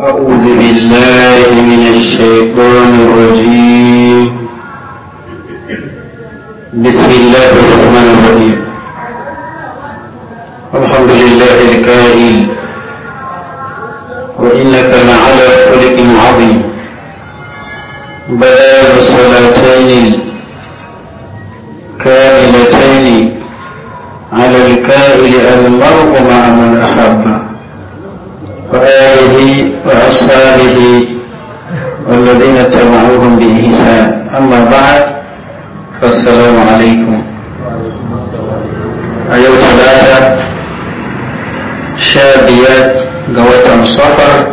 أعوذ بالله من الشيطان الرجيم بسم الله الرحمن الرحيم الحمد لله الكائن وإنك لعلى خلق عظيم بلاغ صلاتين كاملتين على الكائن المرء مع من أحبه وآله وأصحابه والذين اتبعوهم بإحسان أما بعد فالسلام عليكم أيها ثلاثة شابيات قوات صفر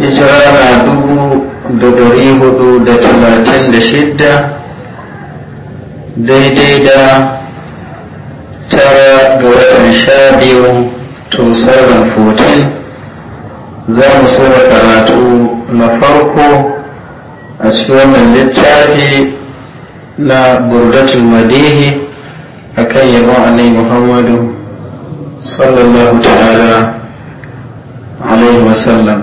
إجرانا عدو ددري هدو دتلاتين لشدة ديديدا ترى قوات شابيون 2014 za mu da karatu na farko a cikin wannan littafi na burdatul madihi a kan yabon annabi muhammadu sallallahu ta'ala alaihi wasallam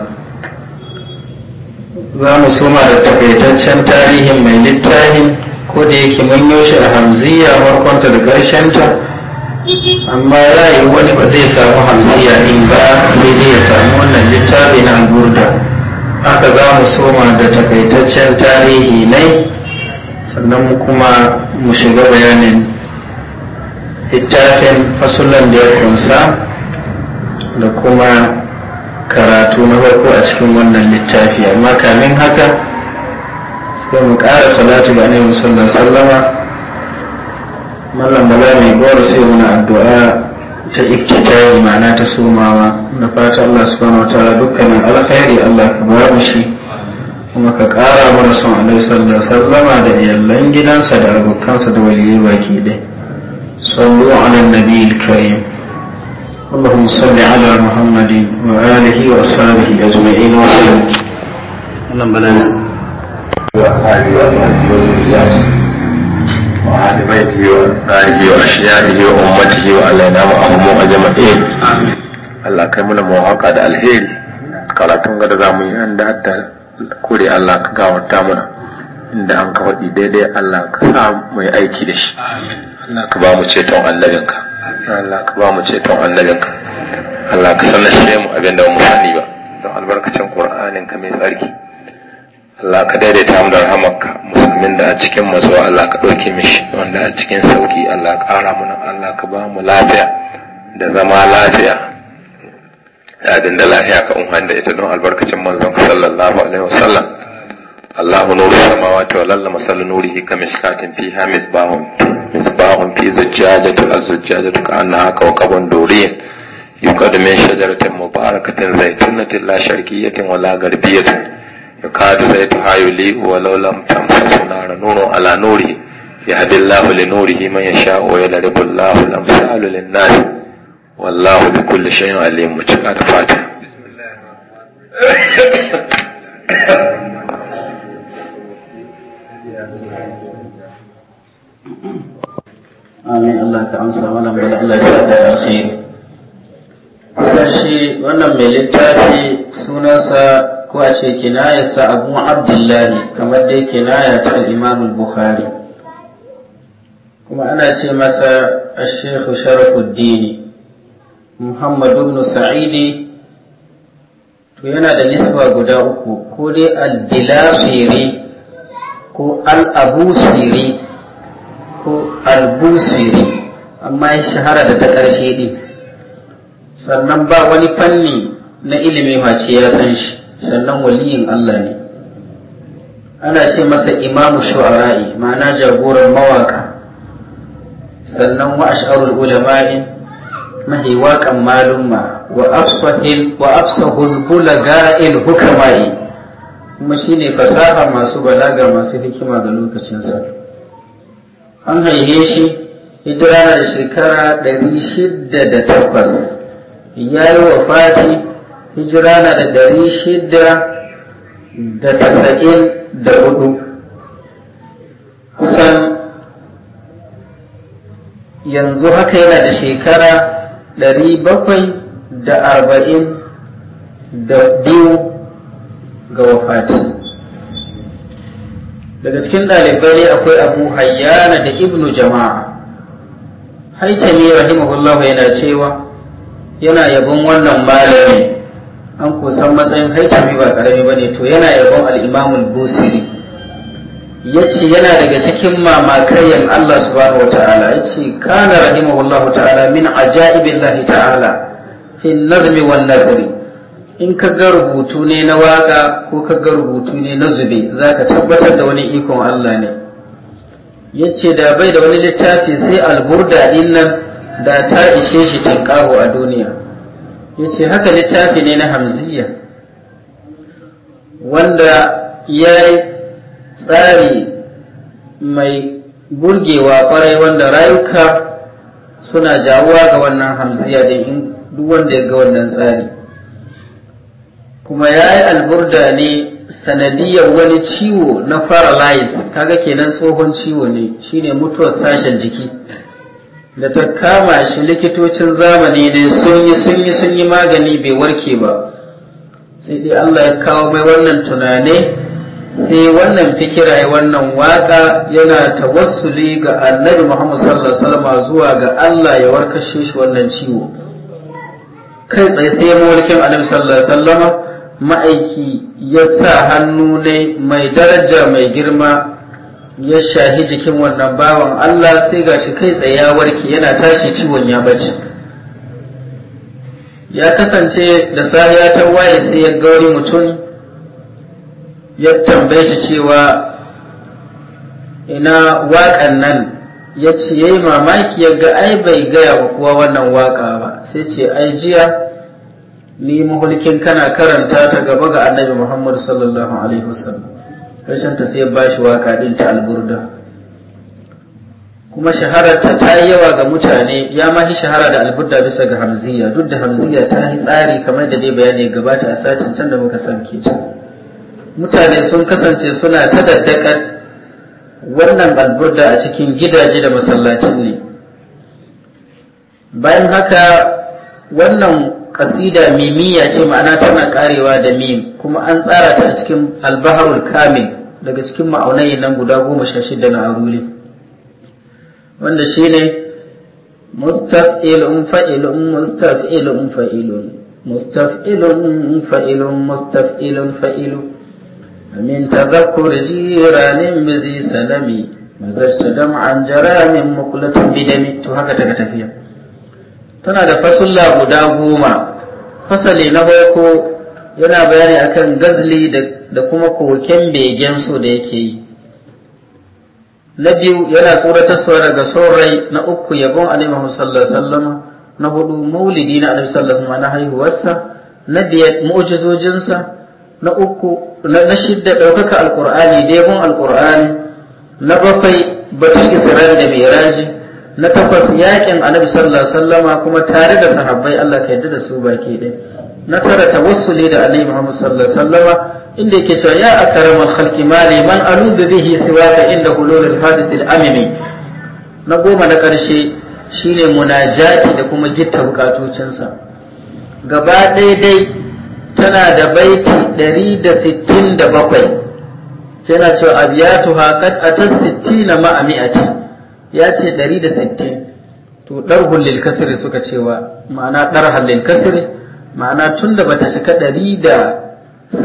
za mu soma da takaitaccen tarihin mai littafin ko da yake mun a hamziya farkonta da ta amma yayi wani ba zai samu hamsiya in ba sai dai ya samu wannan littafi na alburda haka za mu soma da takaitaccen tarihi ne sannan mu kuma mu shiga bayanin littafin fasulan da ya kunsa da kuma karatu na farko a cikin wannan littafi amma kamin haka sai mu ƙara salatu ga annabi sallallahu alaihi mallam bala mai gowar sai wani addu'a ta ibtitahi ma'ana ta sumawa na fata Allah subhanahu wataala dukkanin alkhairi Allah ka ba mu shi kuma ka ƙara mana son Annabi sallallahu alaihi da iyallan gidansa da abokansa da waliyyi baki ɗaya sallu ala nabiyil karim اللهم صل على محمد وآله وأصحابه أجمعين وسلم اللهم بلا نسأل وأصحابه وأجمعين وعلى بيته وأنصاره وأشيائه وأمته وعلينا وأمهم أجمعين Allah kai muna mawaka da alheri karatun gada za mu yi an da hatta kore Allah ka gawarta muna inda an ka faɗi daidai Allah ka sa mu aiki da shi Allah ka ba mu ceton annabinka Allah ka ba mu ceton annabinka Allah ka abin mu sani ba don albarkacin Qur'anin ka mai tsarki Allah ka daidaita mu da rahamarka musulmin da a cikin masu Allah ka ɗauke mishi wanda a cikin sauki Allah ka ƙara mana Allah ka ba mu lafiya da zama lafiya yadin da lafiya ka umar da ita don albarkacin manzon ka sallallahu alaihi wasallam Allahu nuru samawati wal ardi masalu nurihi kamishkatin fiha misbahun misbahun fi zujjajatin az-zujjajatu ka'annaha kawkabun duriyin يقد من شجرة zaitunatin زيتونة لا شرقية ولا garbiyatin يكاد زيتها يليء ولو لم تمسس نار نور على نوري يهد الله لنوره من يشاء ويضرب الله الأمثال للناس والله بكل شيء عليم وشكرا فاتح Amin Allah ka amsa ko a ce kinaya sa abu abdullahi kamar dai kinaya ta al bukhari kuma ana ce masa ash sharafu sharafuddin Muhammadu ibn sa'idi to yana da nisba guda uku ko dai al-dilasiri ko al-abusiri ko al-busiri amma ya shahara da ta ƙarshe din sannan ba wani fanni na ilimi face ya san shi sannan waliyin Allah ne ana ce masa imamu shu'ara'i ma'ana jagoran mawaka sannan wa ash'arul ulama'i mahi waƙan malumma wa afsahul bulaga'il hukamai kuma shine fasaha masu balaga masu hikima ga lokacinsa an haife shi hijira da shekara 608 ya yi wa fati hijira na da ɗari shida da tasa'in da hudu kusan yanzu haka yana da shekara ɗari bakwai da arba'in da biyu ga wafati daga cikin ɗalibai akwai abu hayyana da ibnu jama'a haitami rahimahullahu yana cewa yana yabon wannan malami an kusan matsayin haitami ba karami ba ne to yana yabon al'imamun busiri ya ce yana daga cikin mamakaryan Allah subhanahu wa ta'ala ya ce kana rahimahullah ta'ala min aja'ibillahi ta'ala fi nazmi wannan nazari in ka ga rubutu ne na waka ko ka ga rubutu ne na zube za ka tabbatar da wani ikon Allah ne ya ce da bai da wani littafi sai alburda nan da ta ishe shi tinkaho a duniya Yace haka littafi ne na hamziya wanda ya yi tsari mai burgewa kwarai wanda rayuka suna jawuwa ga wannan hamziya da duk wanda ya ga wannan tsari kuma ya yi alburda ne sanadiyar wani ciwo na paralyze kaga kenan tsohon ciwo ne shine mutuwar sashen jiki da ta kama shi likitocin zamani ne sun yi sun yi sun yi magani bai warke ba sai dai Allah ya kawo mai wannan tunane sai wannan fikira ya wannan waka yana ta tawassuli ga annabi Muhammad sallallahu alaihi wasallam zuwa ga Allah ya warkashe shi wannan ciwo kai tsaye sai mawarkin annabi sallallahu alaihi wasallam ma'aiki ya sa hannu ne mai daraja mai girma ya shahi jikin wannan bawan Allah sai gashi kai tsaye ya warke yana tashi ciwon ya bace ya kasance da safiya ta waye sai ya ga wani mutum ya tambaye shi cewa ina waƙan nan ya ce ya yi mamaki ya ga ai bai gaya wa kuwa wannan waƙa ba sai ce ai jiya ni mahulkin kana karanta ta gaba ga annabi muhammadu sallallahu alaihi wasallam rashin ta sai ba shi waka din ta alburda kuma shahararta ta yi yawa ga mutane ya ma yi shahara da alburda bisa ga hamziya duk da hamziya ta yi tsari kamar da dai bayani gabata a satin can da muka san ta mutane sun kasance suna ta daddakar wannan alburda a cikin gidaje da masallacin ne bayan haka wannan kasida mimiya ce ma'ana tana karewa da mim kuma an tsara ta a cikin albaharul kamil daga cikin ma'aunai nan guda goma sha na aruli wanda shine mustaf'ilun fa'ilun mustaf'ilun fa'ilun mustaf'ilun fa'ilun mustaf'ilun fa'ilun jiranin تذكر salami mazarta dam'an jaramin muqlatun bidami to haka ta tafiya. tana da fasulla guda goma fasali na farko yana bayani akan gazli da kuma koken begen so da yake yi na biyu yana tsoratarsa daga saurayi na uku yabon alimahu sallallahu na hudu maulidi na alimahu sallallahu na haihuwarsa na biyar mu'jizojinsa na uku na shidda ɗaukaka alkur'ani da yabon alkur'ani na bakwai batun isra'il da miraji na takwas yakin annabi sallallahu alaihi wasallama kuma tare da sahabbai Allah ka yarda da su baki ɗaya na tara tawassuli da annabi Muhammad sallallahu alaihi wasallama inda yake cewa ya akramal khalqi mali man aludu bihi siwaka inda hululul hadith al-amimi na goma na karshe shine munajati da kuma gitta bukatocinsa gaba ɗaya dai tana da baiti 167 yana cewa abiyatu haqat atas 60 ma ya ce 160 to darhul lil kasri suka cewa ma'ana darhal lil kasri ma'ana tun da bata cika 170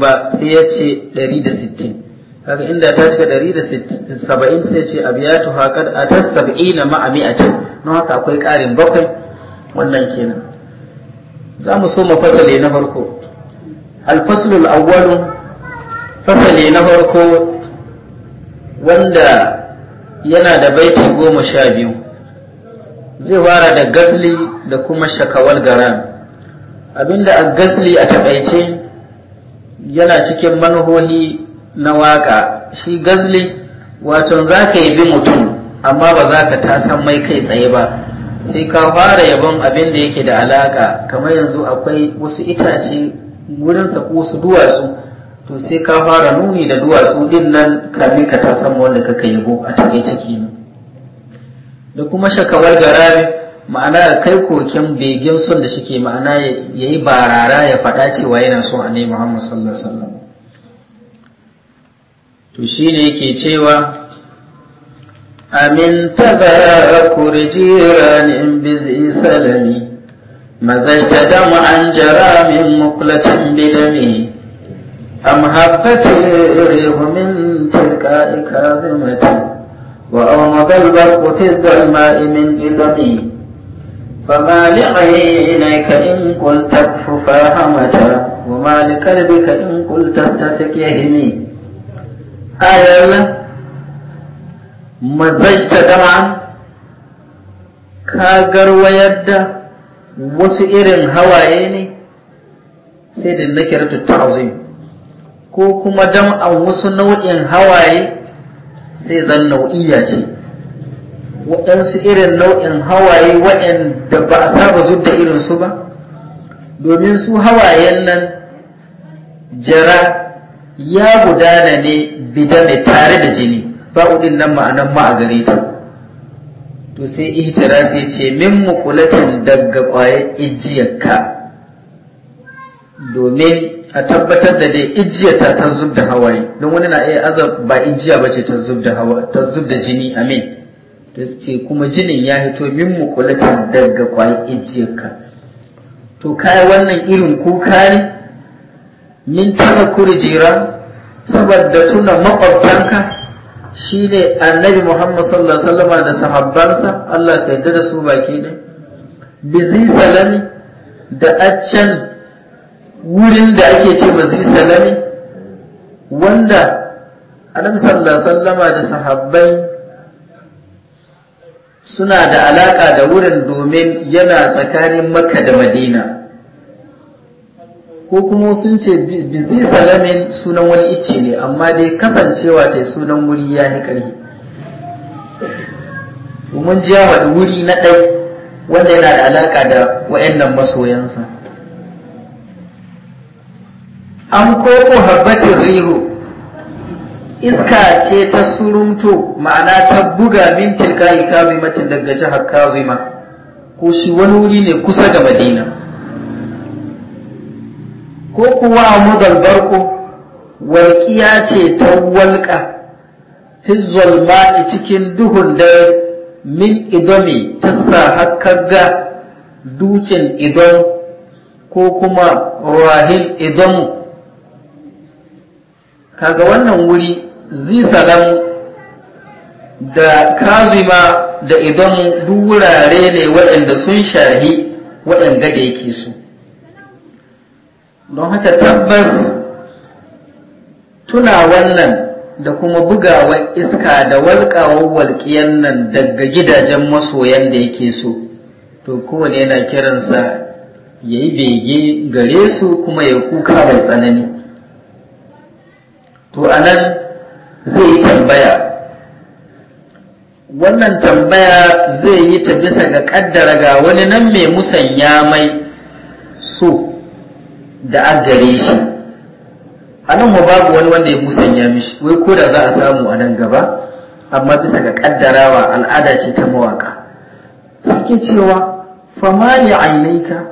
ba sai ya ce 160 kaga inda ta cika 170 sai ce abiyatu haqad atas 70 ma'a mi'atin na haka akwai karin bakwai wannan kenan za mu so mu fasale na farko alfaslul awwalu fasale na farko wanda yana da baiti goma sha biyu zai fara da gazli da kuma shakawal garan abinda a gazli a taƙaice yana cikin manhohi na waƙa shi gazli wato za ka yi bi mutum amma ba za ka tasan mai kai tsaye ba sai ka fara yabon abin da yake da alaƙa kamar yanzu akwai wasu itace wurinsa ko su duwatsu to sai ka fara nuni da duwatsu din nan kamin ka ta samu wanda kaka yabo a take ciki ne da kuma shakawar garabi ma'ana kai koken begen son da shike ma'ana ya yi barara ya faɗa cewa yana so a ne muhammad sallallahu alaihi wasallam to shine yake cewa أمن تباكر جيران بزء سلمي مزجت دمعا جرى min مقلة bidami أم هبت الريح من تلقاء كاظمة وأومض البرق في الظلماء من إلمي فما لعي إليك إن قلت اكف فاهمة وما لكلبك إن قلت استفك يهمي آية مزجت دمعا كاغر ويد وسئر هوايني سيد النكرة التعظيم ko kuma dam'an wasu nau'in hawaye sai zan nau'iya ce waɗansu irin nau'in hawaye waɗanda ba a saba zudda irinsu ba domin su hawayen nan jara ya gudana ne bidane tare da jini ba udin nan ma'anan ma a gare ta to sai ihtira sai ce min mukulatin daga ƙwayar ijiyarka domin a tabbatar da dai ijiya ta ta zub da hawaye don wani na iya azab ba ijiya ba ce ta zub da jini amin ta ce kuma jinin ya hito min mukulatin daga kwayi ijiyarka to kaya wannan irin kuka ne min tana kurjira saboda tuna makwabtanka ne annabi Muhammad sallallahu alaihi wasallam da sahabbansa Allah ka yarda da su baki ne bizi salami da accan wurin da ake ce majalisar salami wanda annabi sallallahu sallama da sahabbai suna da alaka da wurin domin yana tsakanin makka da madina ko kuma sun ce bizi salamin sunan wani icce ne amma dai kasancewa ta sunan wuri ya yi ƙarfi mun ji wuri na ɗai wanda yana da alaka da wa'annan masoyansa an koko habbatin riro iska ce ta surumto ma'ana ta buga min tilka matin daga jihar kazima ko shi wani wuri ne kusa ga madina ko kuwa mu barko walƙiya ce ta walƙa hizzol ma'i cikin duhun da min idomi ta sa hakkaga dutsen idon ko kuma rahin idonmu kaga wannan wuri zisalan da kazima da idan duk wurare ne waɗanda sun shahi waɗanda da yake su don haka tabbas tuna wannan da kuma bugawa iska da walƙawar walƙiyan nan daga gidajen masoyan da yake so to kowane yana kiransa ya yi bege gare su kuma ya kuka mai tsanani to a nan zai yi tambaya wannan tambaya zai yi ta bisa ga kaddara ga wani nan mai musanya mai so da gare shi a nan mu babu wani wanda ya musanya mishi wai ko da za a samu a nan gaba amma bisa ga kaddarawa al'ada ce ta mawaka suke cewa famali ainaika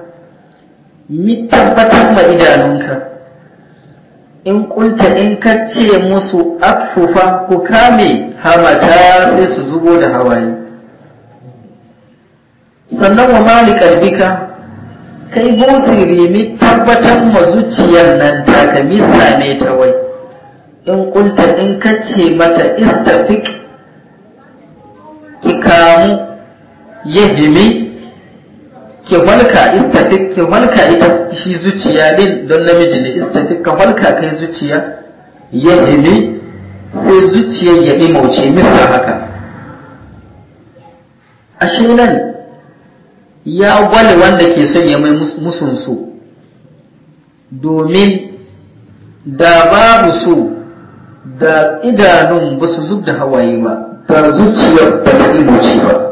mi tabbatar ma idanunka in kulta in kacce musu akfufa ku kame hamata sai su zubo da hawaye sannan wa mali ka, kai busiri tabbatar ma zuciyar nan kami same ta wai in kulta in kacce mata istafik ki kamu yahimi ke walka istafik ke walka ita shi zuciya din don namiji ne istafik ka walka kai zuciya ya himi sai zuciya ya bi mauce misa haka ashe nan ya gwale wanda ke son ya mai musun su domin da babu su da idanun ba su zub da hawaye ba da zuciyar ba ta mauce ba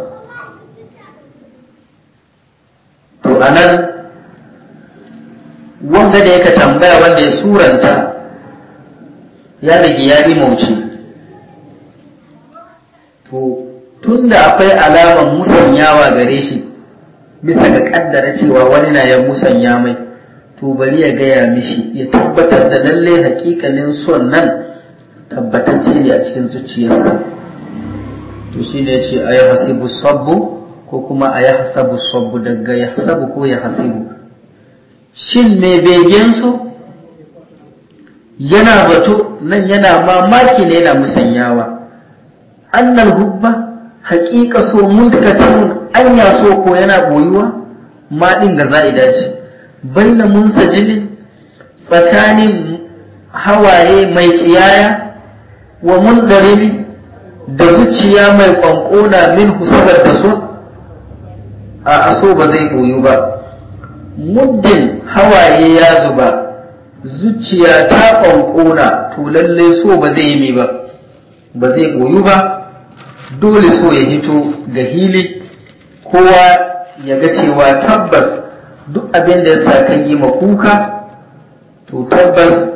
to anan wanda da yaka tambaya wanda ya suranta ya rage ya mauci to tunda akwai alaman musanyawa gare shi bisa ga kaddara cewa wani na ya musanya mai to bari ya gaya mishi ya tabbatar da lalle hakikanin son nan tabbatacce ne a cikin zuciyarsa to shine ya ce sabbu ko kuma a ya hasabu sabu daga ya ko ya hasibu shin begen su? yana batu nan yana mamaki ne yana musanyawa annal hubba haƙiƙa so mun cikin anya so ko yana boyuwa ma din ga za'i dace. baina mun sajilin tsakanin hawaye mai tsiyaya wa mun da zuciya mai ƙwanƙona min husabar da so a so ba zai koyu ba muddin hawaye ya zuba zuciya ta ƙwanƙona to lallai so ba zai yi ba ba zai koyu ba dole so ya hito ga hili kowa ya ga cewa tabbas duk abin da ya sa kan yi makuka to tabbas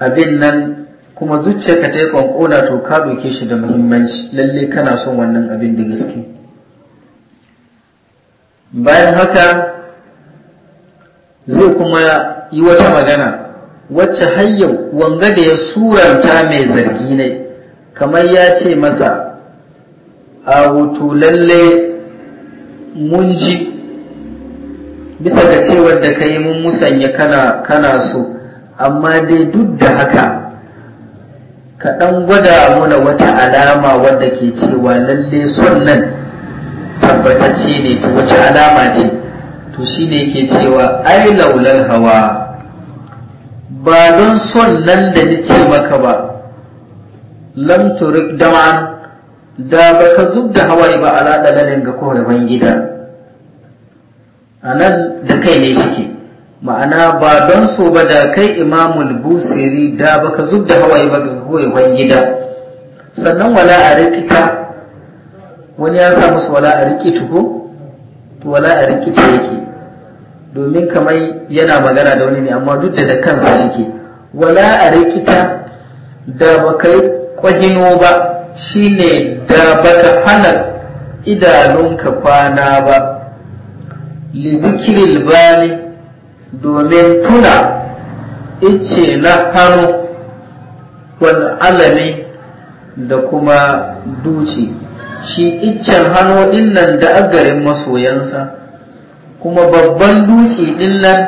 abin nan kuma zuciya ka ta yi ƙwanƙona to ka ɗauke shi da muhimmanci lallai kana son wannan abin da gaske. bayan haka zai kuma yi wata magana wacce hanyar wanga da ya suranta mai zargi ne kamar ya ce masa a hutu lalle mun ji bisa ga cewar da ka yi mun musanya kana, kana so amma dai duk da haka ka ɗan gwada muna wata alama wadda ke cewa lalle son nan tabbatacce ne to wace alama ce to shi ne ke cewa ai laulal hawa ba don son nan da ni ce maka ba lam turik dama da ba ka zub da hawaye ba ala dalalin ga koraban gida a nan da kai ne shi ke, ma'ana ba don so ba da kai imamul busiri da ba ka zub da hawaye ba ga koraban gida sannan wala a rikita wani ya sa musu wala a riƙe tuko to wala a riƙe ce yake domin kamar yana magana da wani ne amma duk da kansa shike wala a rikita da baka ƙwagino ba shine da baka hana idanunka kwana ba libikiril bali domin tuna ice na hannu wani alami da kuma duci shi iccen hannu dinnan da agarin masoyansa kuma babban dutse dinnan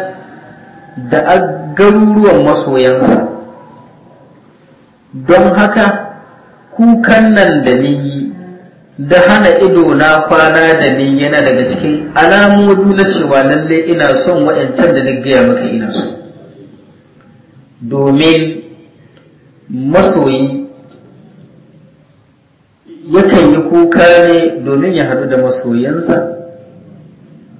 da garuruwan masoyansa don haka kukan nan da niyi da hana ido na kwana da ni yana daga cikin alamomi na cewa lalle ina son wa'yancan da na gaya maka ina so domin masoyi yakan yi kuka ne domin ya haɗu da masoyansa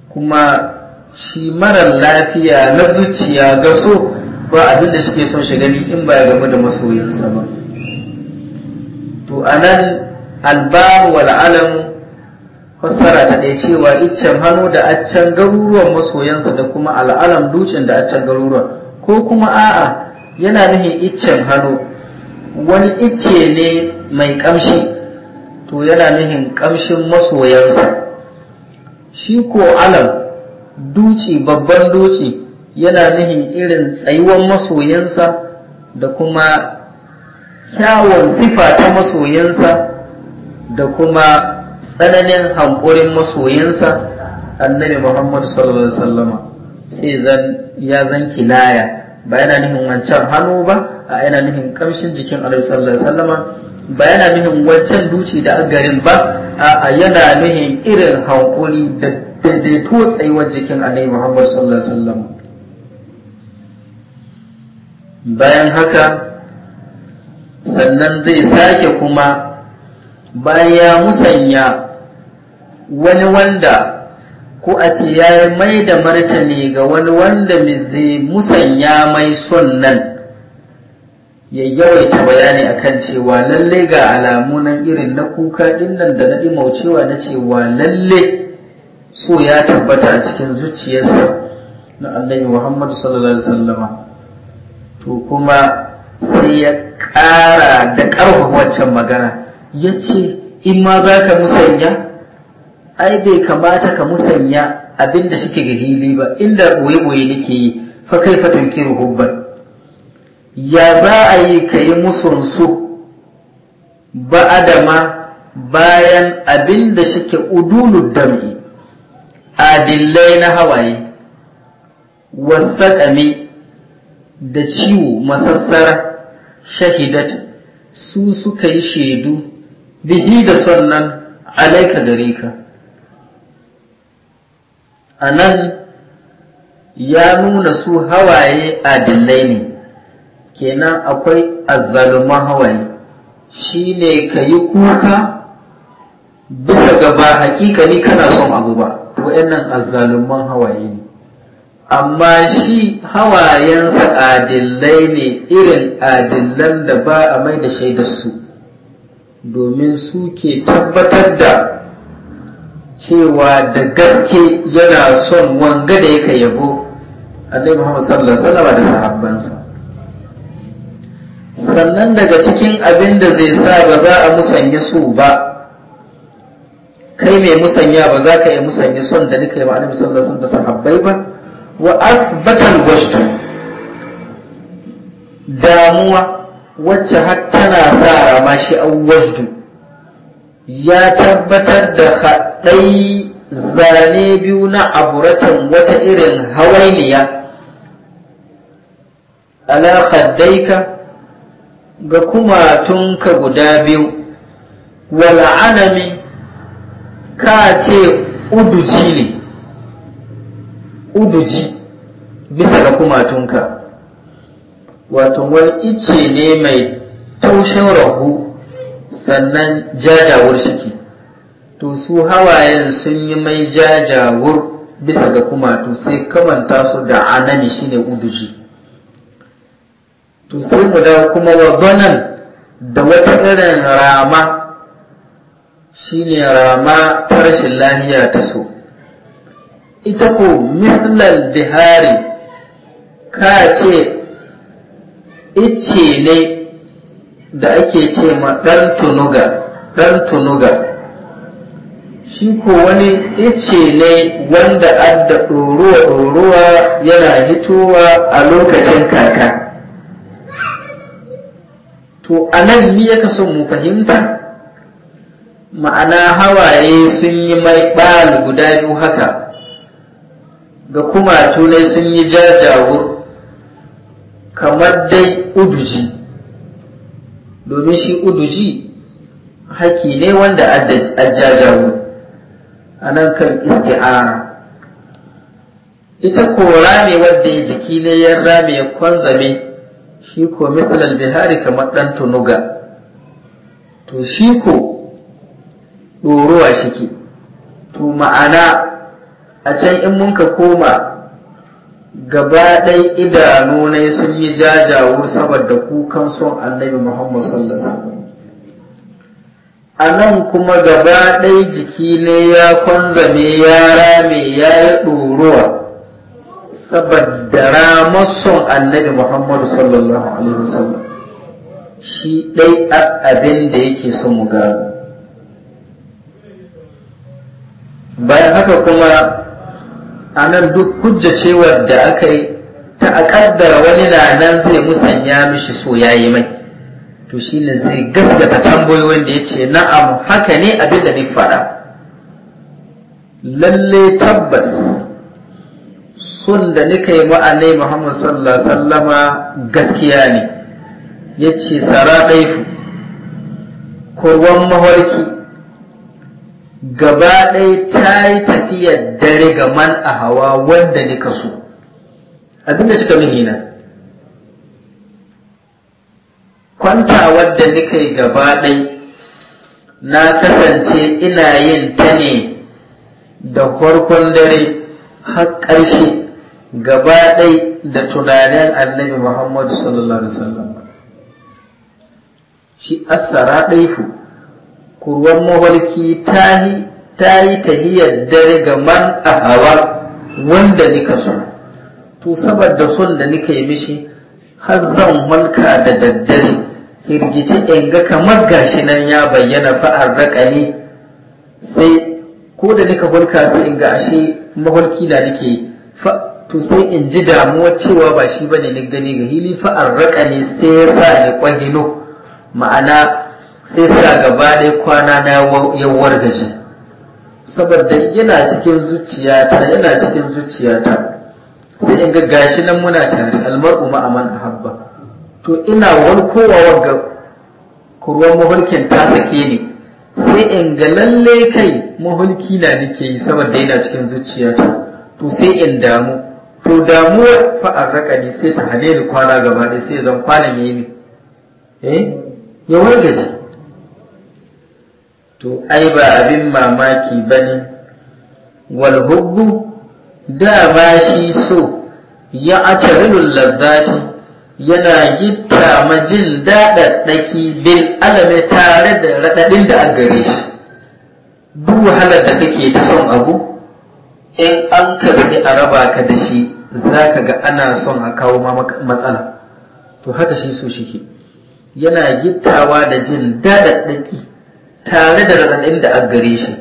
kuma shi marar lafiya na zuciya ga so ba abin da shike son shi gani in ba ya gamu da masoyansa ba to anan albar wal alam fassara ta ɗaya cewa iccen hannu da can garuruwan masoyansa da kuma al'alam dukin da can garuruwan ko kuma a'a yana nufin iccen hannu wani icce ne mai ƙamshi to yana nihin ƙamshin masoyansa shi ko alam duci babban duci yana nihin irin tsayuwan masoyansa da kuma kyawun sifa ta masoyansa da kuma tsananin hankurin masoyansa annabi muhammadu sallallahu alaihi wasallama sai zan ya zan kilaya ba yana nufin wancan hannu ba a yana nufin kamshin jikin alaihi sallallahu alaihi wasallama ba yana nuhin wancan duci da agarin ba a yana nuhin irin hankuri da daidaito tsayuwar jikin annabi Muhammad sallallahu alaihi wasallam bayan haka sannan zai sake kuma bayan ya musanya wani wanda ko a ce ya mai da martani ga wani wanda zai musanya mai son nan ya yawaita bayani akan cewa lalle ga alamu nan irin na kuka ɗinnan da na maucewa na cewa lalle so ya tabbata a cikin zuciyarsa na annabi Muhammad sallallahu alaihi wasallam to kuma sai ya ƙara da ƙarfafa wancan magana ya ce in ma za ka musanya ai bai kamata ka musanya abinda shike ga hili ba inda ɓoye-ɓoye nake yi fa kai fatan kiru hubban ya za a yi ka yi musunsu ba adama bayan abin da shike udulu dam'i adillai na hawaye wasaƙami da ciwo masassara shahidat su suka yi shaidu bihi da sannan alaika gare ka a nan ya nuna su hawaye adillai ne kenan akwai azzaluma hawaye shi ne ka yi kuka bisa ga ba hakikani kana son abu ba wa'annan azzaluman hawaye ne amma shi hawayensa adillai ne irin adillan da ba a mai da shaidarsu domin su ke tabbatar da cewa da gaske yana son wanga da yaka yabo annabi Muhammad sallallahu alaihi wasallam da sahabbansa sannan daga cikin abin da zai sa ba za a musanya su ba kai mai musanya ba za ka yi musanya son da nika yi ma'anar musamman sun da sahabbai ba wa asbatal gwashtu damuwa wacce har tana sa rama shi an wajdu ya tabbatar da haɗai zane biyu na aburatan wata irin hawainiya ala khaddaika ga kumatunka guda biyu wal'anami ka ce uduci ne uduci bisa ga kumatunka wato wani ice ne mai taushin rahu sannan jajawar shiki to su hawayen sun yi mai jajawar bisa ga kumatu sai kamanta su da anani shine uduji to sai mu da kuma wabanan da wata irin rama shine rama ta rashin lahiya ta so ita ko mislal bihari ka ce ice ne da ake ce ma ɗan tunuga ɗan tunuga shi ko wani ice ne wanda adda ɗoruwa ɗoruwa yana hitowa a lokacin kaka to anan ni yaka son mu fahimta ma'ana hawaye sun yi mai guda biyu haka ga kuma ne sun yi jajawur kamar dai uduji domin shi uduji haki ne wanda a jajawur a nan kan isti'ara ita kora ne wadda ya jiki ne ya rame ya kwanzame shi ko mithlal bihari kamar ɗan tunuga to shi ko doruwa shike to ma'ana a can in mun ka koma gaba ɗai idanu ne sun yi jajawo saboda kukan son annabi muhammad sallallahu alaihi a kuma gaba ɗai jiki ne ya kwanzame ya rame ya yi ɗoruwa saboda ramar annabi Muhammadu sallallahu alaihi wasallam shi ɗai abin da yake son mu gano bayan haka kuma a nan duk hujja cewar da aka yi ta a kaddara wani na nan zai musanya mishi so ya yi mai to shi ne zai gaskata tambayoyin da ya ce na'am haka ne abin da ni faɗa lalle tabbas sun da nika yi ma'anai Muhammad sallallahu Alaihi sallama gaskiya ne ya ce tsara ɗaifu kurwan mawarki gaba ta yi tafiyar dare ga man a hawa wanda nika so abinda suka nuhi nan kwantawar da nika yi gaba na kasance ina yin ta ne da farkon dare har ƙarshe gaba ɗai da tunanin annabi Muhammadu sallallahu alaihi wasallam shi asara ɗaifu kurwan mawarki ta yi tahiyar dare ga man a hawa wanda nika so to saboda son da nika yi mishi har zan manka da daddare hirgici in ga kamar gashi nan ya bayyana fa'ar raƙani sai ko da nika hulka sai in ga ashe mafarki da nake yi. to sai in ji damuwa cewa ba shi bane ni gani ga hili fa arraka ne sai ya sa ni kwahino ma'ana sai sa gaba dai kwana na yawar gaji saboda yana cikin zuciyata yana cikin zuciyata sai in ga gashi nan muna tare almar'u ma'aman habba to ina wani kowa ga kurwan mafarkin ta sake ni sai in ga lalle kai mahulki na nake yi saboda yana cikin zuciyata to sai in damu to damuwar fa'ar raka ne sai ta hane ni kwana gaba ɗaya sai zan kwana me ne eh ya wargaje to ai ba abin mamaki ba ne. hubbu da ba shi so ya acarilul ladzati yana gitta ma jin daɗaɗɗaki bil alame tare da raɗaɗin da an gare shi duk wahalar da kake ta son abu in an karbi a raba ka da shi za ka ga ana son a kawo ma matsala to haka shi so shike yana gittawa da jin daɗaɗɗaki tare da raɗaɗin da an gare shi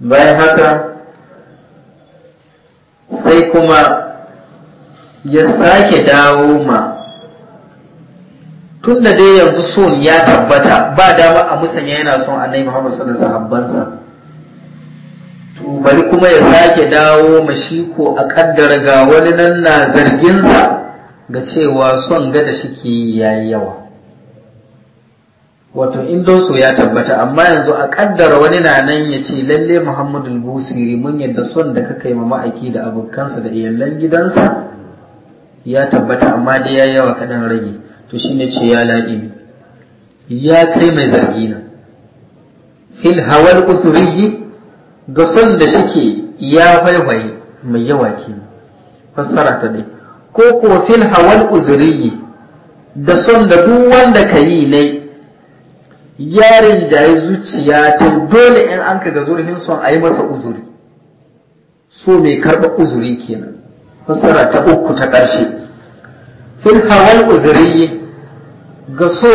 bayan haka sai kuma ya sake dawo ma tun da dai yanzu son ya tabbata ba dama a musanya yana son annabi Muhammad sallallahu alaihi sahabbansa to bari kuma ya sake dawo ma shi ko a kaddara ga wani nan na zarginsa ga cewa son gada shi ke yayi yawa wato in so ya tabbata amma yanzu a kaddara wani na nan ya ce lalle Muhammadu Busiri mun yadda son da kaka yi ma ma'aiki da abokansa da iyalan gidansa ya tabbata amma dai ya yawa kaɗan rage to shine ce ya laibi ya kai mai zargi na fil hawal usuriyi ga son da shike ya waiwaye mai yawa ke fassara ta dai ko ko fil hawal usuriyi da son da duk wanda ka yi ne yarin jayi zuciya ta dole in an ka ga zurfin son a yi masa uzuri so mai karɓar uzuri kenan Fasara ta uku ta ƙarshe fil hawal uzuriyyi ga so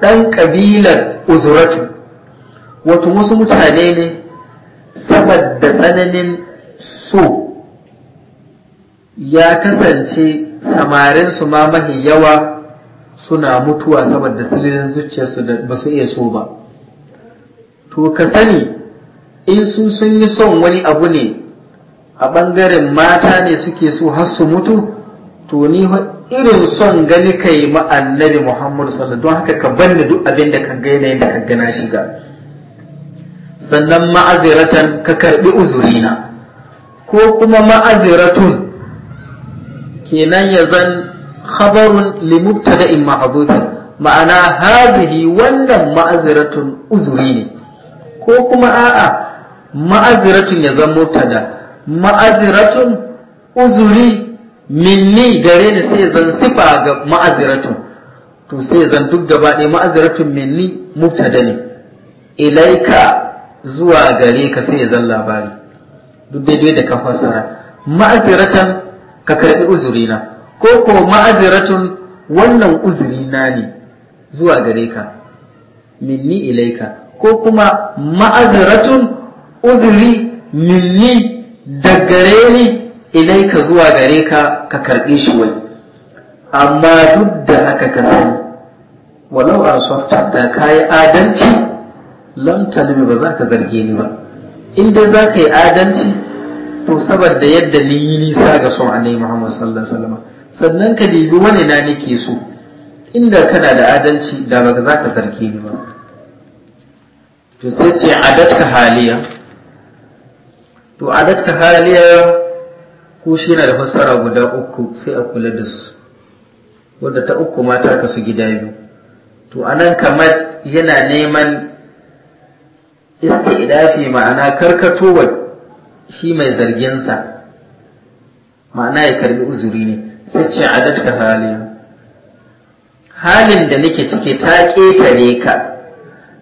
ɗan ƙabilar uzuratu wato wasu mutane ne saboda tsananin so ya kasance samarin su ma mahi yawa suna mutuwa saboda silin zuciyarsu da ba su iya so ba to ka sani in su sun yi son wani abu ne a ɓangaren mata ne suke so har su mutu to ni irin son gani kai ma annabi Muhammadu sallallahu don haka ka banni duk abin da ka ga yanayin da ka gana shi ga sannan ma'aziratan ka karbi uzurina ko kuma ma'aziratun kenan ya zan khabarun li mubtada'in ma'dhufin ma'ana hazihi wannan ma'aziratun uzuri ne ko kuma a'a ma'aziratun ya zan mubtada' ma'aziratun uzuri minni gare ni sai zan sifa ga ma'aziratun to sai zan duk gaba ɗaya ma'aziratun minni mubtada ne ilaika zuwa gare ka sai zan labari duk daidai da ka fassara ma'aziratan ka karbi uzurina ko ko ma'aziratun wannan uzurina ne zuwa gare ka minni ilaika ko kuma ma'aziratun uzuri minni Da gare ni ilai ka zuwa gare ka ka karɓe shi wai amma duk da haka ka sani walau a softa da ka yi adalci lam talibi ba za ka zarge ni ba in dai za ka yi adalci to saboda yadda ni yi nisa ga son annabi Muhammad sallallahu alaihi wasallam sannan ka dibi wani na nake so inda kana da adalci da ba za ka zarge ni ba to sai ce adatka haliya to a ka haliya ku shi yana da fassara guda uku sai a kula da su wadda ta uku mata ka su gida biyu to anan kamar yana neman isti'dafi ma'ana karkatowa shi mai zarginsa ma'ana ya karbi uzuri ne sai ce a ka haliya halin da nake ciki ta ƙetare ka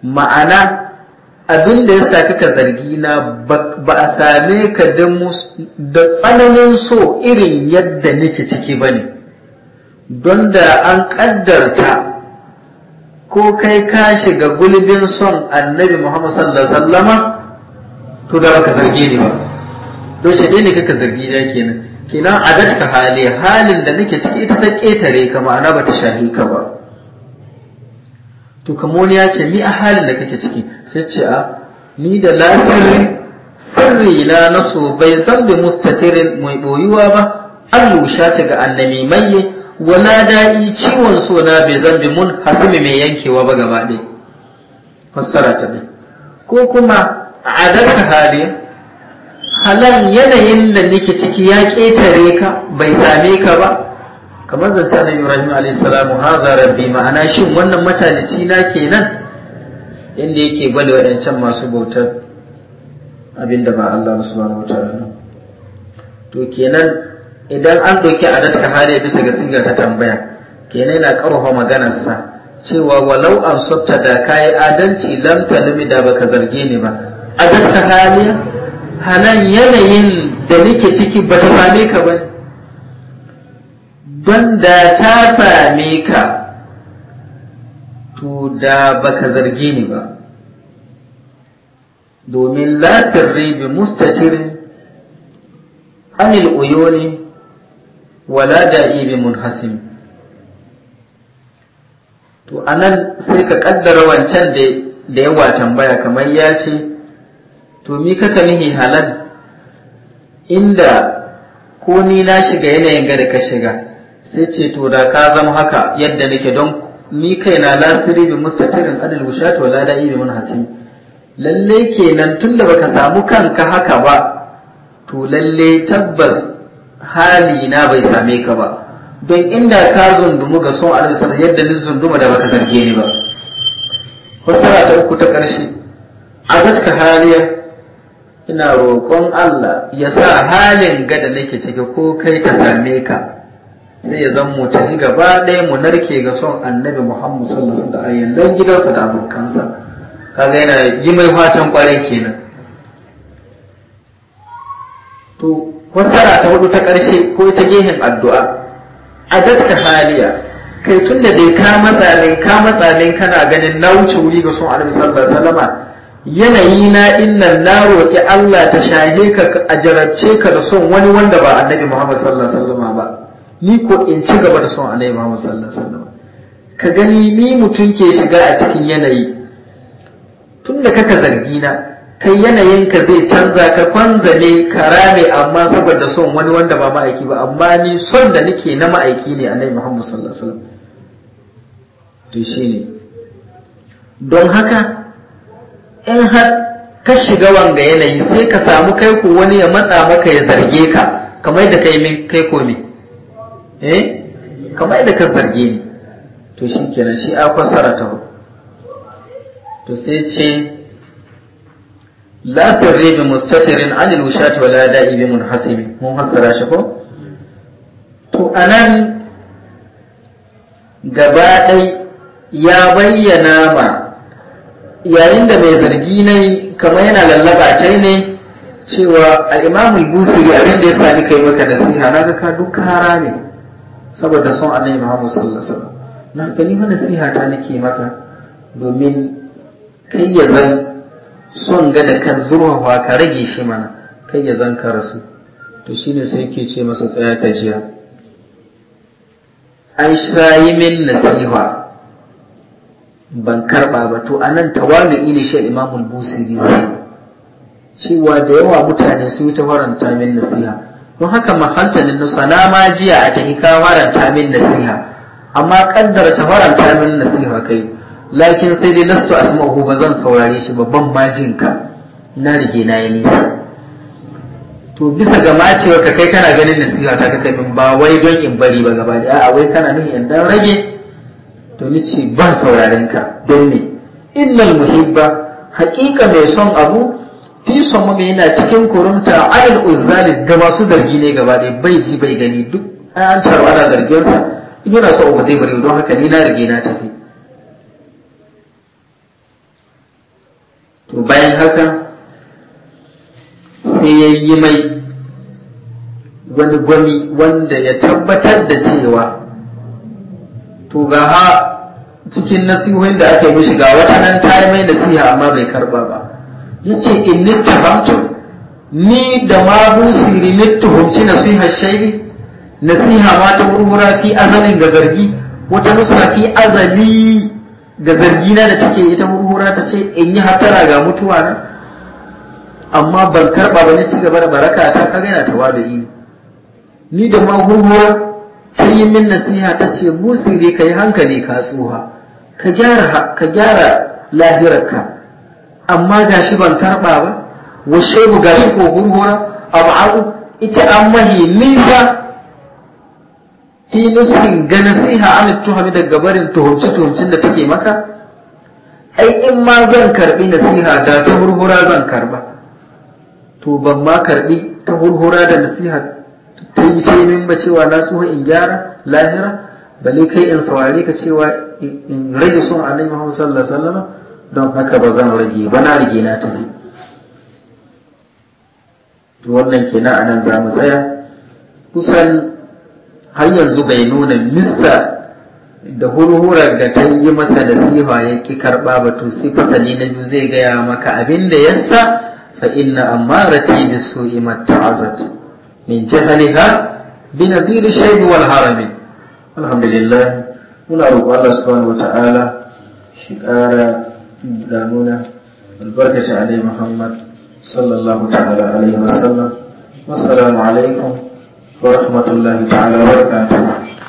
ma'ana abin da ya saka ka zargi na ba a same ka da tsananin so irin yadda nake ciki ba ne don da an ƙaddarta ko kai ka shiga gulbin son annabi muhammad sallallahu sallama to da baka zargi ne ba don shaɗe ne kaka zargi na kenan kenan a ka hali halin da nake ciki ita ta ƙetare ka ma'ana ba ta shahi ka ba to kamar ya ce ni a halin da kake ciki sai ce a ni da lasiri sirri na naso bai bi mustatirin mai boyuwa ba an lusha ce ga annami maye wala da'i ciwon so na bai bi mun hasimi mai yankewa ba gaba ɗaya fassara ta ne ko kuma ka hali halan yanayin da nake ciki ya ƙetare ka bai same ka ba kamar zance da Ibrahim alaihissalam haza rabbi ma'ana shin wannan matalici na kenan inda yake gwada waɗancan masu bautar abinda ba Allah subhanahu wataala to kenan idan an ɗauki adat ka hali bisa ga sigar ta tambaya kenan yana ƙarfafa maganarsa cewa walau an sabta da kayi adalci lam talimi da baka zarge ni ba A ka hali hanan yanayin da nake ciki ba ta same ka ba don ta same ka to da baka zargi ni ba domin lasirri bi mustatir anil uyuni wala da'i bi munhasim to anan sai ka kaddara wancan da yawa tambaya kamar ya ce to mi kaka nihi halal inda ko ni na shiga yanayin ga da ka shiga sai ce to da ka zama haka yadda nake don ni kaina lasiri bi mustatirin adil wushat wala da'i bi munhasim lalle kenan tunda baka samu kanka haka ba to lalle tabbas hali na bai same ka ba don inda ka zundumu ga son alaihi sallam yadda ni zunduma da baka zarge ni ba fassara ta uku ta karshe a ka haliya ina roƙon Allah ya sa halin gada nake cike ko kai ka same ka sai ya zan mutu, tafi gaba ɗaya mu narke ga son annabi muhammad sallallahu alaihi wasallam yallan gidansa da abokansa kaga yana yi mai fatan kwarai kenan to fassara ta hudu ta ƙarshe ko ta gehen addu'a a datta haliya kai tun da dai ka matsalin ka matsalin kana ganin na wuce wuri ga son annabi sallallahu alaihi yanayi na innan na roƙi Allah ta shahe ka a jarabce ka da son wani wanda ba annabi Muhammad sallallahu alaihi ba ni ko in ci gaba da son alaihi Muhammad sallallahu alaihi wasallam ka gani ni mutum ke shiga a cikin yanayi tun da kaka zargi na kai yanayin ka zai canza ka kwanza ne ka rame amma saboda son wani wanda ba ma'aiki ba amma ni son da nake na ma'aiki ne alaihi Muhammad sallallahu alaihi wasallam to shine don haka in har ka shiga wanga yanayi sai ka samu kai ko wani ya matsa maka ya zarge ka kamar da kai min kai ko min eh kamar yadda ka zarge ni to shi kenan shi a fassara ta to sai ce la sirri bi mustatirin anil wa la da'i bi munhasimi mun fassara shi ko to anan gaba dai ya bayyana ma yayin da mai zargi ne kamar yana lallaba tai ne cewa al busiri abin da ya sani kai maka nasiha na ka duk harami ne saboda son Allah ya sallallahu sallasa na gani mana nasiha ta nake maka domin kai ya zan son ga da ka zurfafa ka rage shi mana kai ya zan ka rasu to shine sai yake ce masa tsaya ka jiya an shayi min nasiha ban karba ba to anan tawali'i ne shi imamul Busiri cewa da yawa mutane su yi ta faranta min nasiha don haka mahaltalin nusa na ma jiya a jihi ka faranta min nasiha amma kaddara ta faranta min nasiha kai lakin sai dai lastu asma'u ba zan saurare shi babban majinka na rige na yi nisa to bisa ga macewa ka kai kana ganin nasiha ta ka min ba wai don in bari ba gaba da a wai kana nuni in dan rage to ni ce ban sauraren ka don me innal muhibba haƙiƙa mai son abu fi samu yana cikin kurumta ayin uzzali ga masu zargi ne gaba ɗaya bai ji bai gani duk an carwa na zarginsa in yana so ba zai bari don haka ni na rage na tafi to bayan haka sai ya yi mai wani gwami wanda ya tabbatar da cewa to ga ha cikin nasihohin da ake mishi ga wata nan ta yi mai nasiha amma bai karba ba ya ce in nittabamtu ni da ma busiri nittuhumci nasiha shaibi nasiha ma ta murmura fi azalin ga zargi wata nusa fi azali ga na da take ita murmura ta ce in yi hatara ga mutuwa na amma ban karɓa ba ne ci gaba da baraka ta kaga yana tawa da ini ni da ma murmura ta yi min nasiha ta ce busiri ka yi hankali ka tsoha ka gyara ka gyara lahirarka amma ga shi ban karɓa ba wa shebu shi ko hurhura abu ita an mahi nisa fi ga nasiha an tuhami daga barin tuhumce tuhumcin da take maka ai in ma zan karbi nasiha da ta hurhura zan karba to ban ma karbi ta hurhura da nasiha ta yi ce min ba cewa na tsuha in gyara lahira balle kai in saurare ka cewa in rage son annabi Muhammad sallallahu alaihi wasallam don haka ba zan rage ba na rage na tafi to wannan kenan a nan za mu tsaya kusan har yanzu bai nuna missa da hurhurar da ta yi masa da nasiha ya ki karɓa ba to sai fasali na biyu zai gaya maka abin da yasa fa inna amarati yi su'i matta'azat min jahaliha bi nadhir shaidu wal harami alhamdulillah muna roƙo Allah subhanahu wa ta'ala shi ƙara دامونا البركة علي محمد صلى الله تعالى عليه وسلم والسلام عليكم ورحمة الله تعالى وبركاته